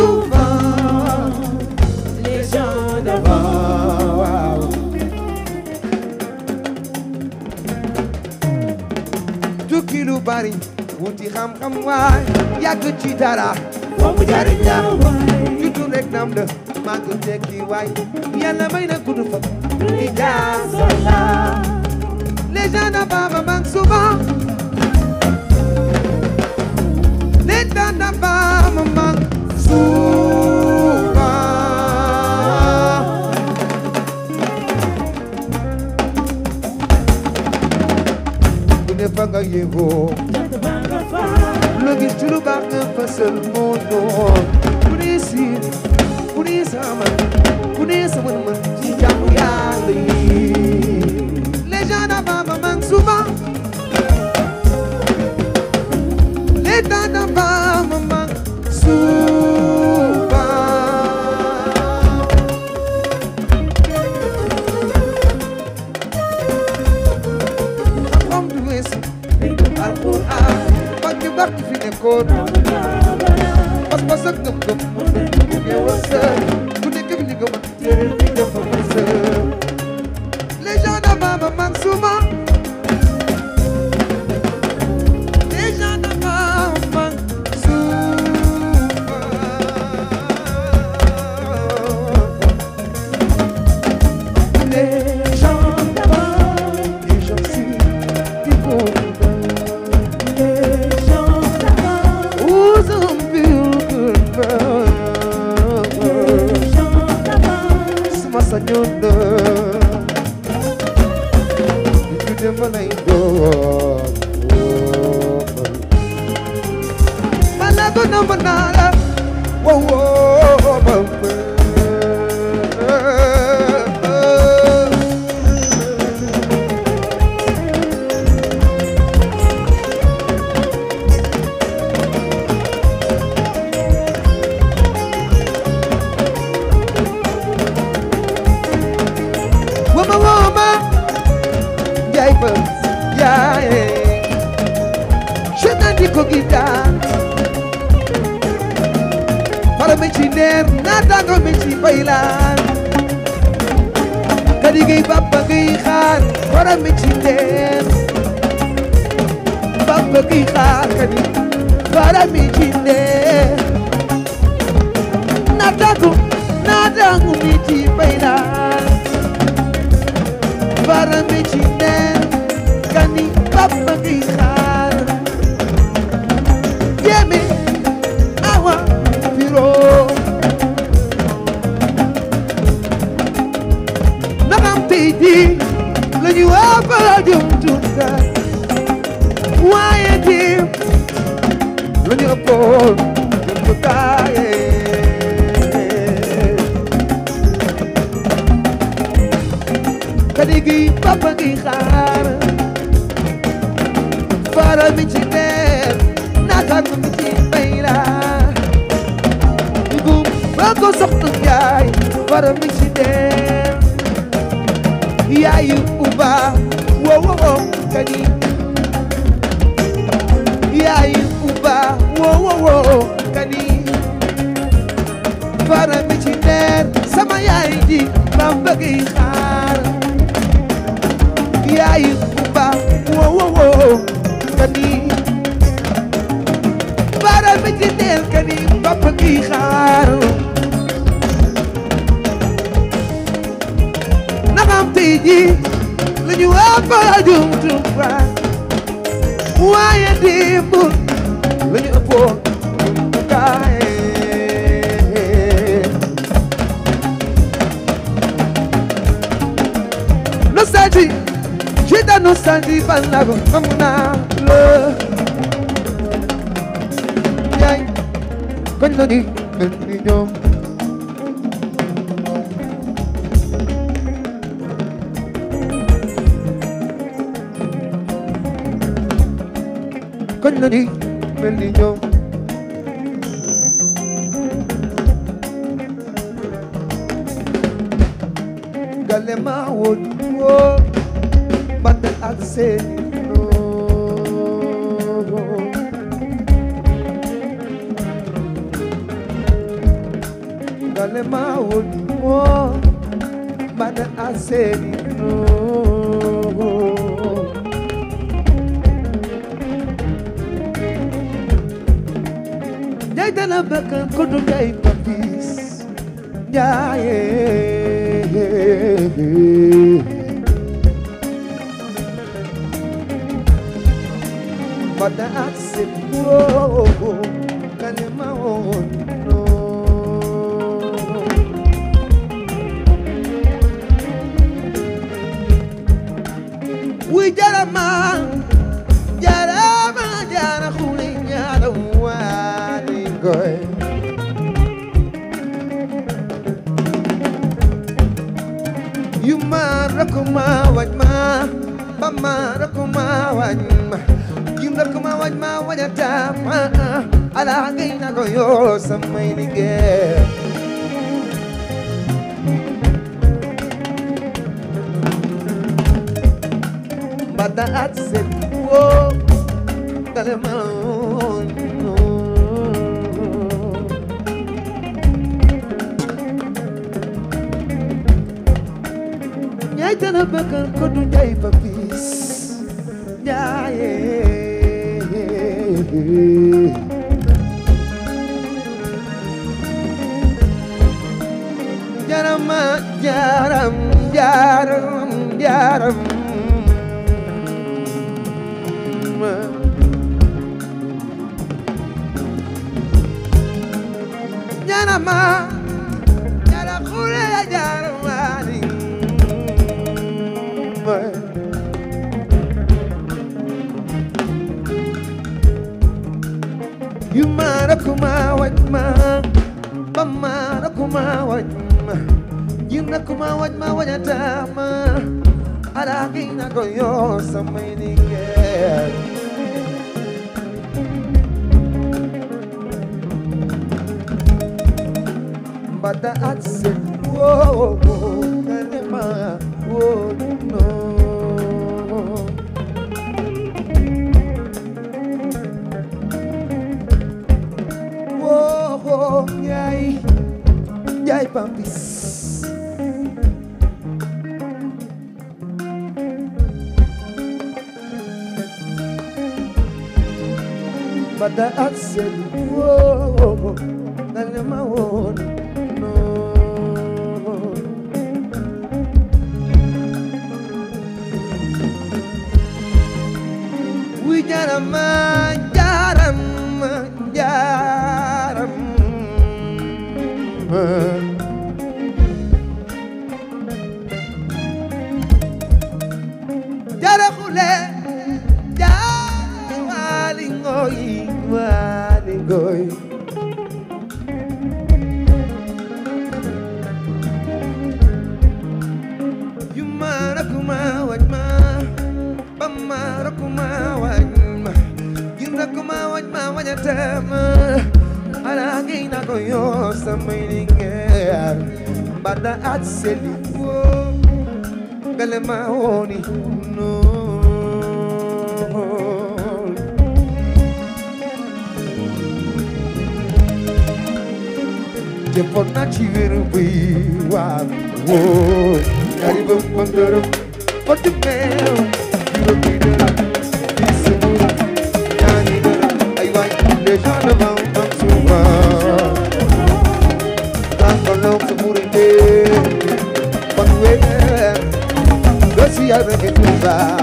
souvent les gens d'avant. Wow. tukki lu bari wuti xam-xam waay yàgg ci dara. moom mu jariñ la waay. juddu rek nam la màgg tekki waay yàlla may na gudd fa. li jaasol la. les gens d'avant ba manque souvent. les gens d'avant ma manque souvent. ak yëngoo lu gis ci lu baax nga fësal moo doon ku ne siin ku ne sama ku mën ci jàmm yàlla yi les gens d'avant me manquent souvent les temps d'avant góor pas-pas ak gëm-gëm mu ngi wërsëg fay laan ka liggéey Bamba ngay xaar borom mi ci ndeem Bamba ngay xaar ka di borom mi ci ndeem naataangu naataangu mi ci fay laan borom mi ci ndeem ka ni Bamba ngay xaar wowoo kani fara mi ci sama yaay ji ma bëgg xaar yaay bu baax wowoo kani fara mi ci leer xaar naxam tey ji ñu waa fa jumtu fa waaye démb no sandi bal na ko xam naa la yaay koñ la ni mel ni ñoom koñ la ni mel ni ñoom gale ma woon oh, oh. woo saudade ser de novo. Dale mal o mana a ser de novo. Jai dana bakan kudu jai papis. Jai. Yeah, yeah, yeah. But I accept Kurogo Kalema no We jarama jarama jara khuli jara wani goy You ma rakuma wajma Bama rakuma wajma darkuma waj ma wajata ala ngay na ko yoo samay liggéey mbada at set woo dale ma ñay tana bëggal ko du ñay ba bis ñaayee jarama jaram jaram jaram jarama jara xule jaram rakuma wajma bamma rakuma wajma yin rakuma wajma wajatama alagina goyo samaynige bada atse wo wo kalema wo ay pampis bada ak woo dana ma woon noon wi jarama sama ala ngay na ko yoo samay lingeer mbanda at seli woo gale ma wooni noon jëppoon na ci wér bi waa woo ñaari bëmbëngërëm ba màggal ba ci Touba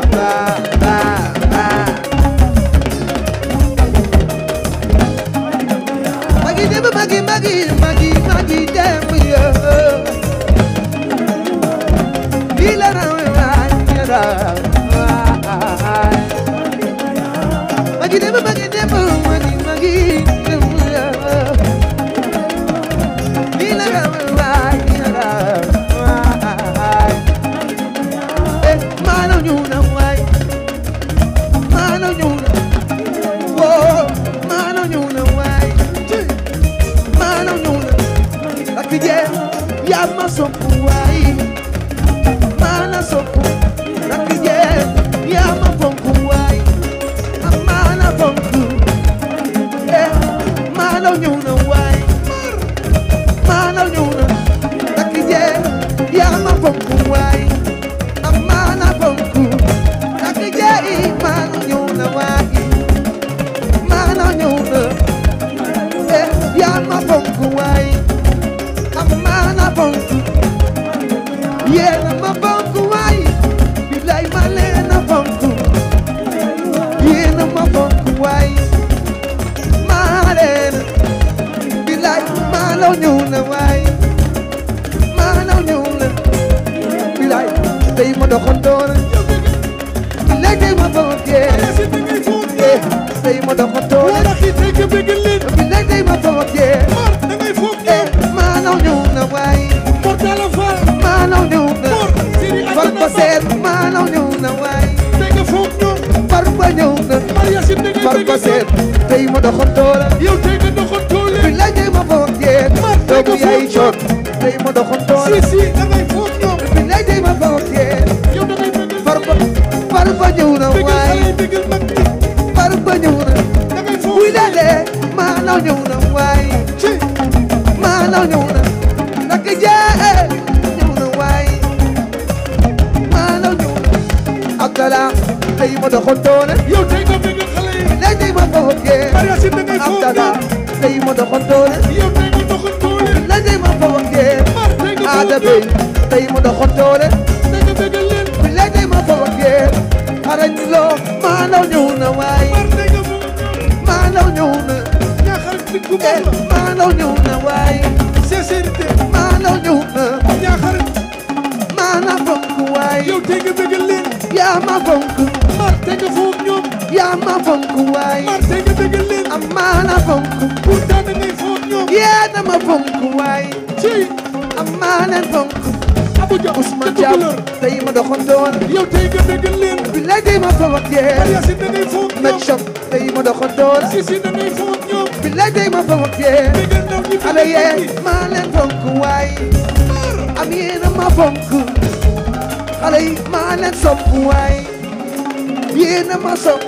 sopu waayi maana sopu tey ma doxantoon léegi ma bëggee eh, tey ma doxantoon léegi tey ma bëggee eh, maanaam ñëw na waay maanaam ñëw na far ba seet maanaam ñëw na waay far ba ñëw na far ba seet tey ma doxantoon léegi ma bëggee doomu yaay coot tey ma doxantoon digil mag bi far ba ñëw na buy dalee maanaw ñëw na waay maanaw ñëw na naka jaa ñëw na waay maanaw ñëw na Abdala ay ma doxoon doone yow tey nga bëgg xale yi lay tey ma foogee Abdala ay ma doxoon doone yow tey ma doxoon doone lay tey ma foogee aada bi tey ma doxoon doone maalaw ñëw na waay maalaw ñëw na ñaaxal diggu bamba maalaw ñëw na waay sincérité maalaw ñëw na ñaaxal maana fonk waay yow te nga bëggal leen yaa ma fonk mar te nga foog ñoom yaa ma fonk waay mar te nga bëggal leen am maana fonk pourtant da ngay foog ñoom yaa na ma fonk waay ci am maana fonk Ousmane Thiam tey ma doxantoon yow tey nga dëgg leen billaay tey ma fawat yéen Yacine da ngay ma doxantoon Sisi da ngay foog ma fawat yéen xale yéen maa leen fonk waay am yéen ma fonk xale yi maa leen sopp waay yéen a ma sopp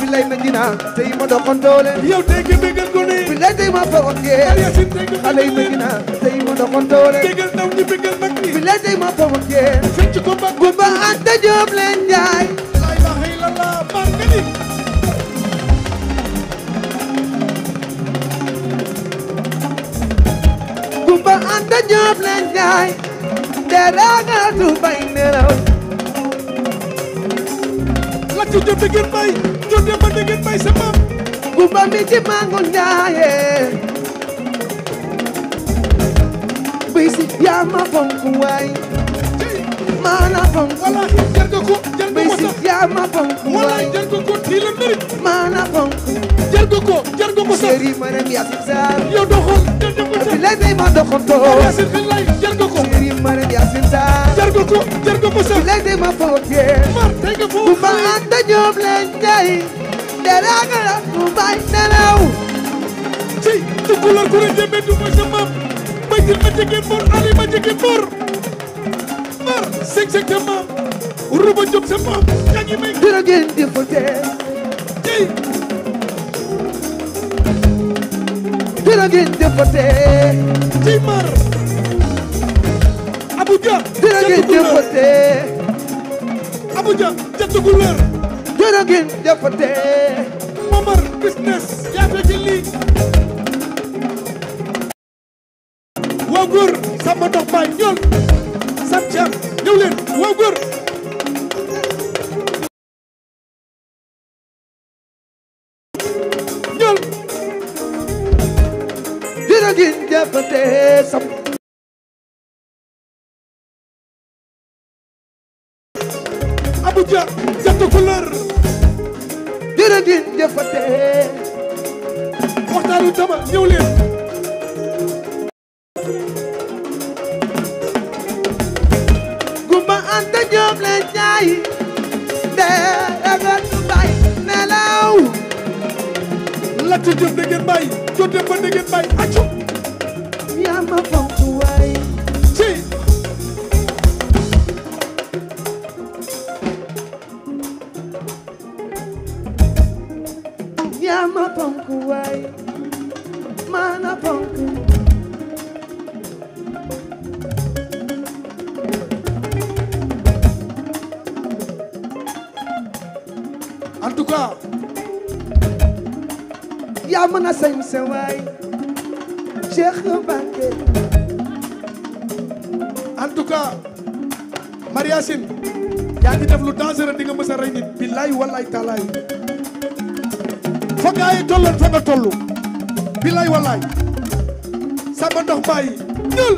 bilay Medina tey ma doxandoo leen yow tey ke bégal gone yi bilay tey ma fawoon kee Aliasim tey ke xale yi Medina tey ma doxandoo leen bégal ndaw ñi bégal mag ñi bilay tey ma fawoon kee fecc ko ba ko ba Anta Diop leen jaay la ilaha illallah barkani Gumba Anta Diop leen jaay deraga du bay nelaw la ci jëpp gën bay may sa maam gumba mi di mango njaaye bisi yaa ma fonk waay maana fonk wallahi jar nga ko jar nga ko sax yaa ma fonk wallahi jar nga ko di la mérite maana fonk jar nga ko jar nga ko sax sëriñ ma dem yaa sinsaar yow doxoon jar nga ko sax bilay day ma doxoon ko yaasin xalaay jar nga ko sëriñ ma dem yaa sinsaar jar nga ko jar nga ko sax bilay day ma foog yee mar tey nga foog gumba laan dañoom leen jaay teraanga la mu bañ nelaw ci tukulóor ku rëj jëmbe du mooy sa maam bëjjël ma jege mor ali ma jege mor mar seg seg sa maam ruba jom sa maam yaa ngi may dina ngeen di fa tee ci dina ngeen di fa tee ci mar abuja dina ngeen di fa tee abuja ca tukulóor jërë ngeen jëfate Momar business yaa fekkee lii waa góor sama ja sette couleur jërëjëf jëfate waxtaanu dama ñëw leen Latte Diop dégg ngeen bàyyi Diop Demba dégg ngeen bàyyi accu yaa ma faw fonk waay mana fonk en tout cas yaa mën a sañ sa waay Cheikh Mbacké en tout cas Mariasine yaa ngi def lu dangereux di nga mës a rey nit billaay wallaay talaay fa gaa yi tolloon fa nga toll bilaay walaay sama ndox bàyyi ñuul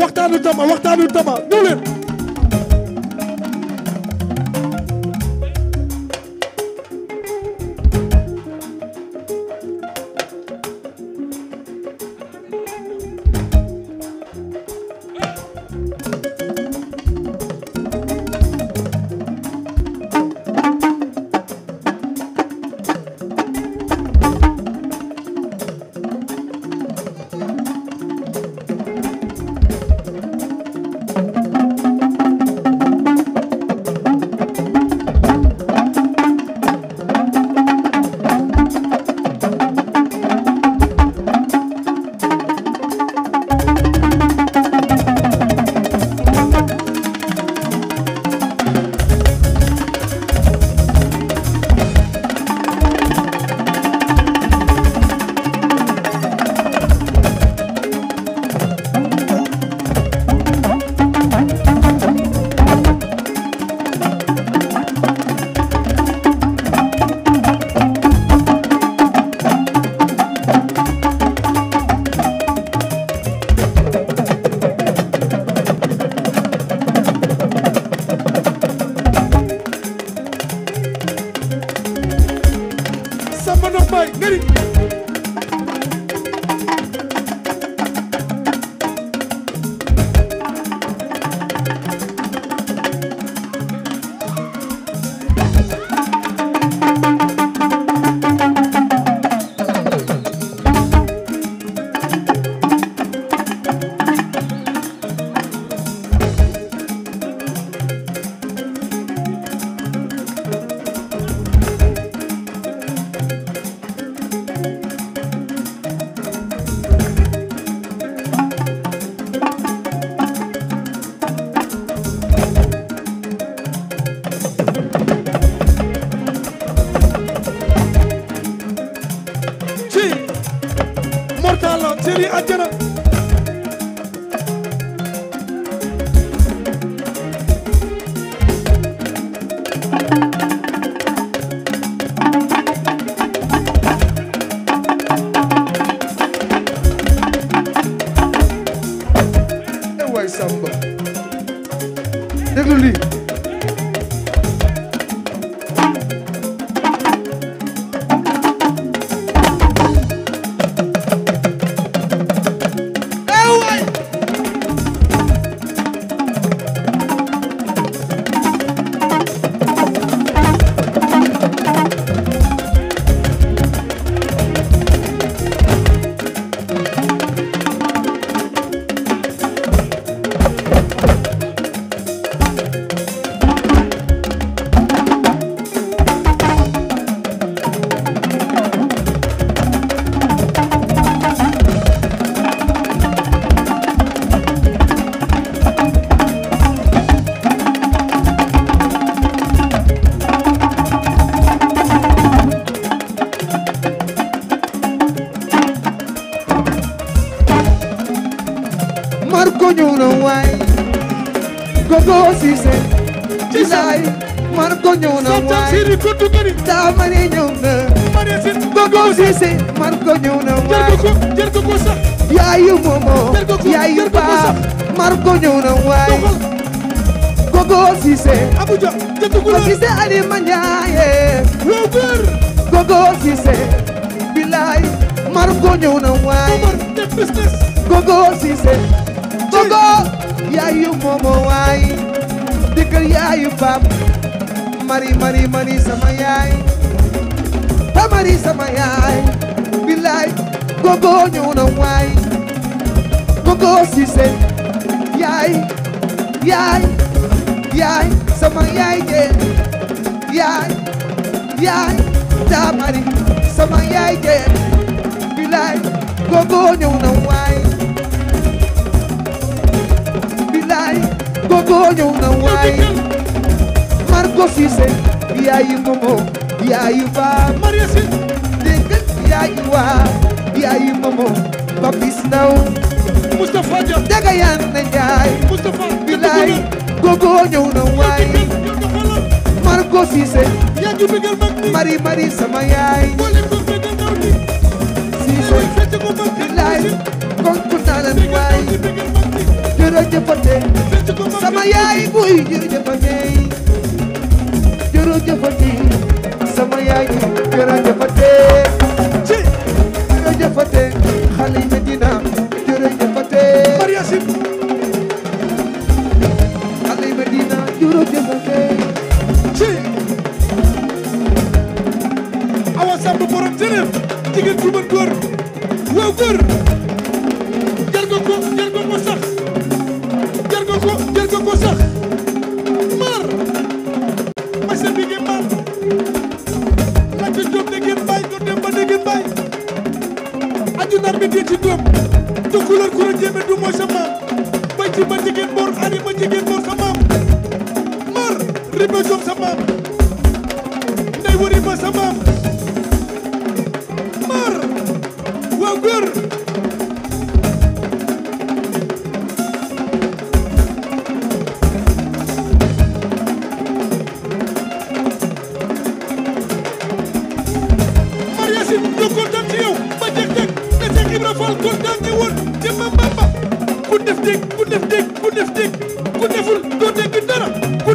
waxtaanu tama waxtaanu tama ñuuleen waay Samba déglu lii Sonko Cissé ci laay man ko ñëw na waay daa ma ne ñëw na Sonko Cissé man ko ñëw na waay yaayu moomoo yaayu baax man ko ñëw na waay Sonko Cissé Abuja Sonko Cissé Ali Manjaaye Sonko Cissé bilaay man ko ñëw na waay Sonko Cissé Sonko yaayu yaayu pap mari mari mari sama yaay ta mari sama yaay billaay gogo ñëw na waay gogo sise yaay yaay yaay sama yaay je yaay yaay ta mari sama yaay je billaay gogo ñëw na waay billaay gogo ñëw na waay Margo Cissé yaayu momo yaayu ba Maria Sy dégg yaayu wa yaayu momo Papis Ndaw Moustapha Dia daga na njaay bilaay gogo ñëw na waay Margo Cissé yaagi bëggal mag sama yaay Cissé bilaay konku naa leen waay jërëjëfate sama yaay buy jërëjëfate jërëjëfati sama yaay jërëjëfate ci jërëjëfate xale yi Medina jërëjëfate mariasi xale yi Medina jërëjëfate ci awa sàmm borom tërëf jigéen ju mën góor waaw góor jël ko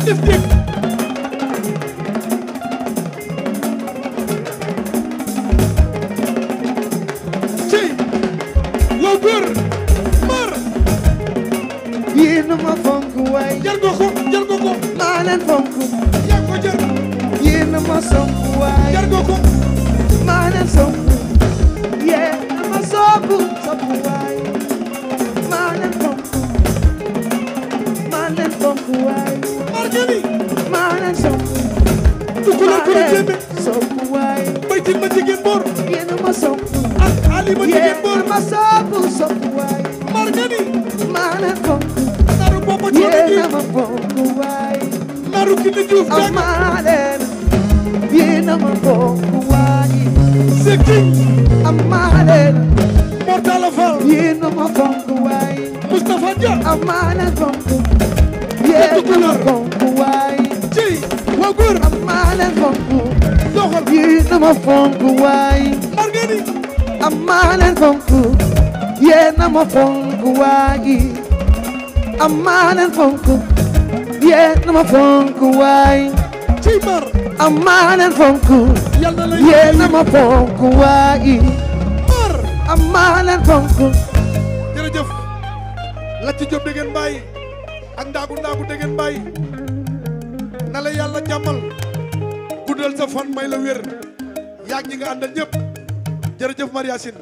def dégg ci waaw góor mar yéen a ma fonk waay jël nga ko jël nga ko maa leen fonk yaa ko jël yéen a ma sonk waay jël nga ko maa leen sonk yéen a ma sonk sonk waay maa leen fonk maa leen fonk waay marjani maana sopp tukulóor ku la jënd sopp waay bay til ma jigéen boor yéen ma sopp ak ali ma jigéen boor ma sopp sopp waay marjani maana fonk naru boppa ci yéen ma fonk waay naru ki ne juuf jàng amaa leen yéen ma fonk waay seki amaa leen mortala fal yéen ma fonk waay Mustafa Dia amaa leen fonk ma fonk waay margani amaa leen fonk yéen a ma fonk waayi amaa leen fonk yéen a ma fonk waay cimar amaa leen fonk yéen a ma fonk waayi mar amaa leen fonk jërëjëf la ci job degen bàyyi ak ndaagu ndaagu dégeen mbay na la yàlla jàmmal guddal sa fan may la wér yaag yi nga àndal ñëpp jërëjëf Mariasine